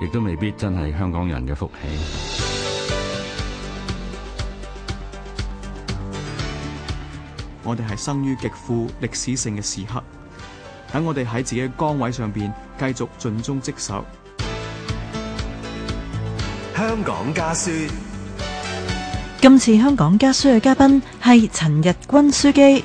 亦都未必真係香港人嘅福氣。我哋係生於極富歷史性嘅時刻，等我哋喺自己嘅崗位上邊繼續盡忠職守。香港家書，今次香港家書嘅嘉賓係陳日君樞機。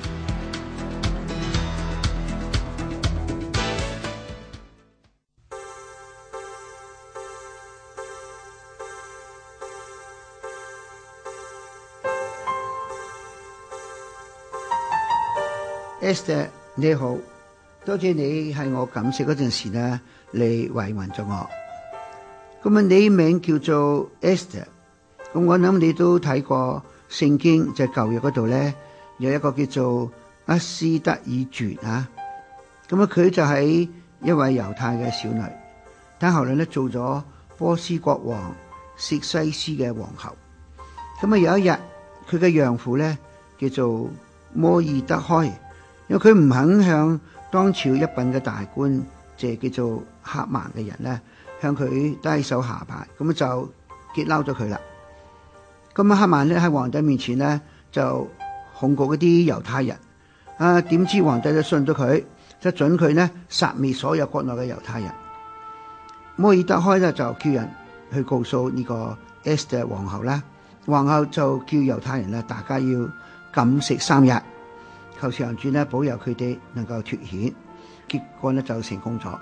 Esther，你好，多謝你喺我感食嗰陣時咧，你慰問咗我。咁啊，你的名叫做 Esther。咁我諗你都睇過聖經，在、就是、舊約嗰度咧，有一個叫做阿斯德爾傳啊。咁啊，佢就係一位猶太嘅少女，但係後來咧做咗波斯國王色西斯嘅皇后。咁啊，有一日佢嘅養父咧叫做摩爾德開。因為佢唔肯向當朝一品嘅大官，即係叫做黑曼嘅人咧，向佢低手下拜，咁就激嬲咗佢啦。咁啊，黑曼咧喺皇帝面前咧就控告嗰啲猶太人，啊點知皇帝就信咗佢，就准佢咧殺滅所有國內嘅猶太人。摩爾德開咧就叫人去告訴呢個 s t 皇后啦，皇后就叫猶太人咧大家要禁食三日。求上主咧保佑佢哋能夠脱險，結果咧就成功咗。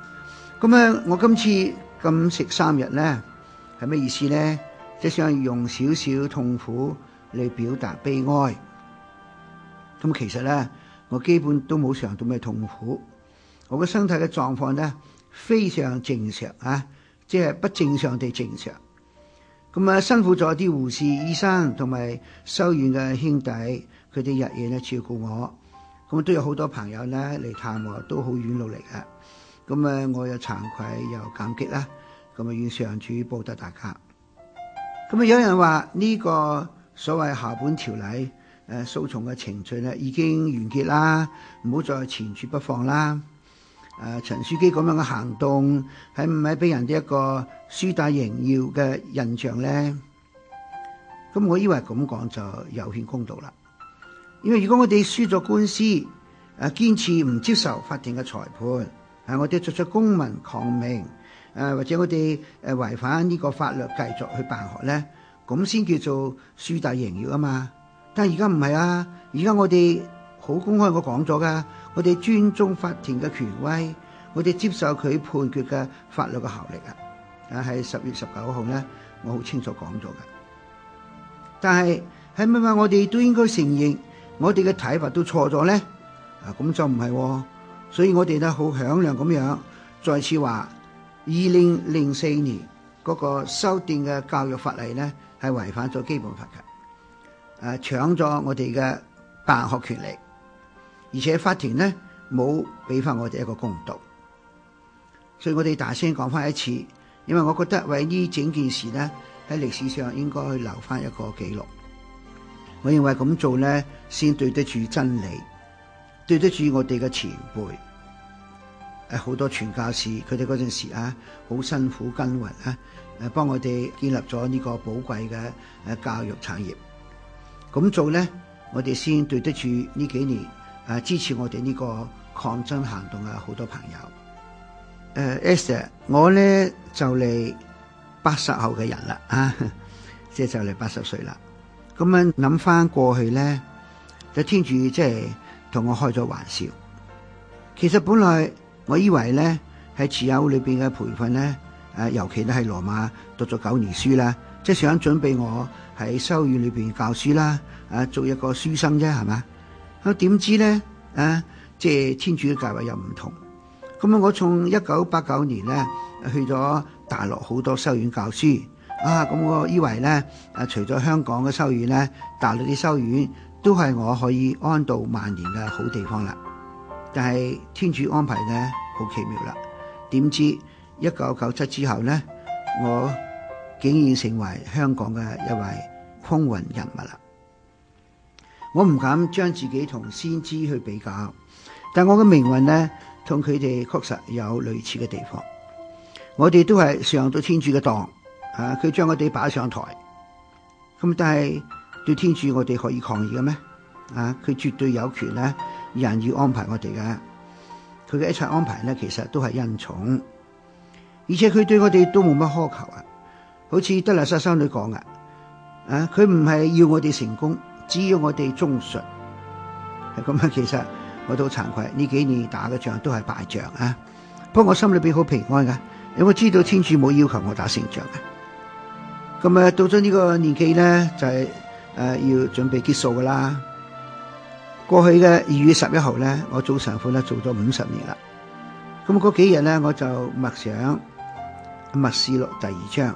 咁我今次禁食三日咧，係咩意思咧？即係想用少少痛苦嚟表達悲哀。咁其實咧，我基本都冇嘗到咩痛苦。我嘅身體嘅狀況咧非常正常啊，即係不正常地正常。咁啊，辛苦咗啲護士、醫生同埋修院嘅兄弟，佢哋日夜咧照顧我。咁都有好多朋友咧嚟探我，都好遠路嚟㗎。咁啊，我又慚愧又感激啦，咁啊要上主報答大家。咁啊，有人話呢、這個所謂下本條例誒，訴訟嘅程序咧已經完結啦，唔好再纏住不放啦。誒、呃，陳樞機咁樣嘅行動，喺唔係俾人哋一個輸打贏要嘅印象咧？咁我以為咁講就有欠公道啦。因為如果我哋輸咗官司，誒堅持唔接受法庭嘅裁判，係我哋作出公民抗命，誒或者我哋誒違反呢個法律繼續去辦學咧，咁先叫做輸打贏要啊嘛。但係而家唔係啊，而家我哋好公開我講咗噶，我哋尊重法庭嘅權威，我哋接受佢判決嘅法律嘅效力啊。啊，喺十月十九號咧，我好清楚講咗噶。但係係咪話我哋都應該承認？我哋嘅睇法都錯咗咧，啊咁就唔係、哦，所以我哋咧好響亮咁樣再次話，二零零四年嗰個修訂嘅教育法例咧係違反咗基本法嘅，誒搶咗我哋嘅辦學權利，而且法庭咧冇俾翻我哋一個公道，所以我哋大聲講翻一次，因為我覺得為呢整件事咧喺歷史上應該去留翻一個記錄。我認為咁做咧，先對得住真理，對得住我哋嘅前輩，誒，好多傳教士，佢哋嗰陣時啊，好辛苦耕耘啊，誒，幫我哋建立咗呢個寶貴嘅誒教育產業。咁做咧，我哋先對得住呢幾年支持我哋呢個抗爭行動嘅好多朋友。誒，呃，S，我咧就嚟八十後嘅人啦，啊，即係就嚟八十歲啦。咁樣諗翻過去咧，就天主即係同我開咗玩笑。其實本來我以為咧，喺慈幼裏面嘅培訓咧，尤其都係羅馬讀咗九年書啦，即係想準備我喺修院裏面教書啦，啊，做一個書生啫，係嘛？咁點知咧，啊，即係天主嘅計劃又唔同。咁啊，我從一九八九年咧去咗大陸好多修院教書。啊！咁我以為咧，除咗香港嘅修院咧，大陸啲修院都係我可以安度晚年嘅好地方啦。但係天主安排咧，好奇妙啦！點知一九九七之後咧，我竟然成為香港嘅一位風雲人物啦！我唔敢將自己同先知去比較，但我嘅命運咧，同佢哋確實有類似嘅地方。我哋都係上到天主嘅當。啊！佢將我哋擺上台，咁但係對天主我哋可以抗議嘅咩？啊！佢絕對有權咧，人要安排我哋嘅，佢嘅一切安排咧，其實都係恩寵，而且佢對我哋都冇乜苛求啊！好似德勒薩修女講嘅，啊！佢唔係要我哋成功，只要我哋忠實係咁樣。其實我都好慚愧，呢幾年打嘅仗都係敗仗啊！不過我心裏邊好平安噶，有冇知道天主冇要求我打勝仗啊！咁啊，到咗呢個年紀咧，就係、是、誒、呃、要準備結束噶啦。過去嘅二月十一號咧，我做神父咧做咗五十年啦。咁嗰幾日咧，我就默想、默示錄第二章，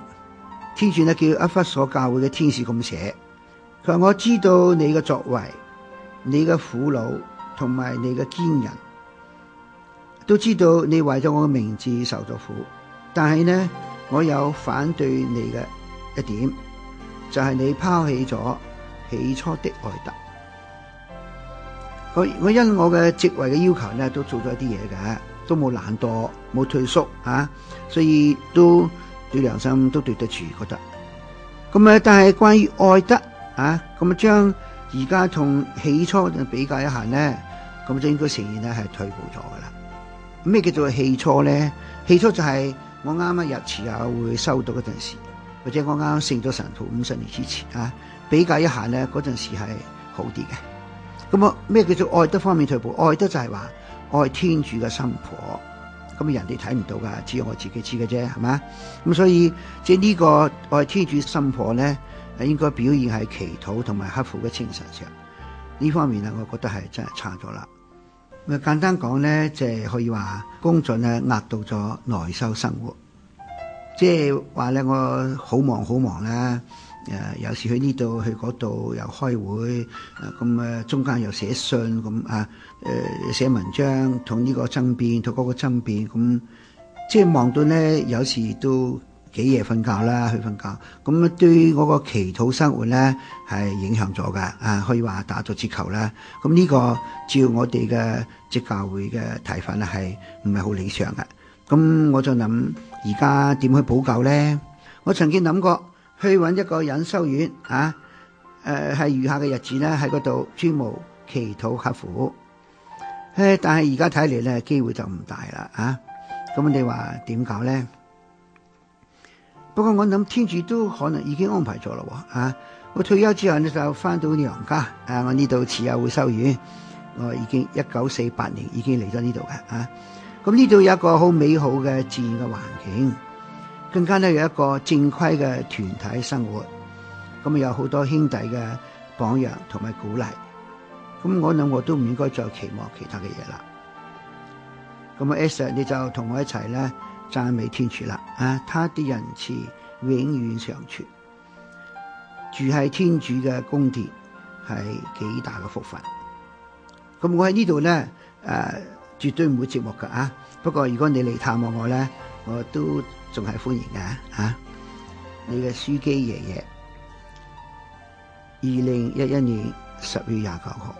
天主咧叫阿弗所教會嘅天使咁寫，佢話我知道你嘅作為、你嘅苦勞同埋你嘅堅忍，都知道你為咗我嘅名字受咗苦，但係呢，我有反對你嘅。一點就係你拋棄咗起初的愛德。我我因我嘅職位嘅要求咧，都做咗一啲嘢嘅，都冇懶惰，冇退縮啊，所以都對良心都對得住，覺得。咁啊，但係關於愛德啊，咁啊將而家同起初比較一下咧，咁就應該承認咧係退步咗噶啦。咩叫做起初咧？起初就係我啱啱入慈幼會收到嗰陣時。或者我啱啱升咗神父五十年之前啊，比較一下咧，嗰陣時係好啲嘅。咁啊，咩叫做愛德方面退步？愛德就係話愛天主嘅心婆。咁人哋睇唔到噶，只有我自己知嘅啫，係嘛？咁所以即係呢個愛天主心婆咧，應該表現喺祈禱同埋刻苦嘅精神上。呢方面啊，我覺得係真係差咗啦。咪簡單講咧，即係可以話工作咧壓到咗內修生活。即係話咧，我好忙好忙啦。誒，有時去呢度去嗰度又開會，咁中間又寫信咁啊，寫文章同呢個爭辯同嗰個爭辯，咁即係忙到咧有時都幾夜瞓覺啦，去瞓覺，咁啊對我個祈禱生活咧係影響咗㗎。啊，可以話打咗折扣啦，咁呢個照我哋嘅職教會嘅提法咧係唔係好理想嘅。咁我就諗而家點去補救咧？我曾經諗過去搵一個隱修院啊，誒係餘下嘅日子咧喺嗰度專務祈禱刻苦，誒，但係而家睇嚟咧機會就唔大啦啊！咁你話點搞咧？不過我諗天主都可能已經安排咗咯啊！我退休之後咧就翻到娘家啊，我呢度慈幼會修院，我已經一九四八年已經嚟咗呢度嘅。啊。咁呢度有一個好美好嘅自然嘅環境，更加咧有一個正規嘅團體生活，咁啊有好多兄弟嘅榜樣同埋鼓勵，咁我諗我都唔應該再期望其他嘅嘢啦。咁啊 A Sir 你就同我一齊咧讚美天主啦，啊，他啲仁慈永遠常存，住喺天主嘅宮殿係幾大嘅福分。咁我喺呢度咧誒。呃絕對唔會寂寞㗎啊！不過如果你嚟探望我咧，我都仲係歡迎㗎啊！你嘅樞機爺爺，二零一一年十月廿九號。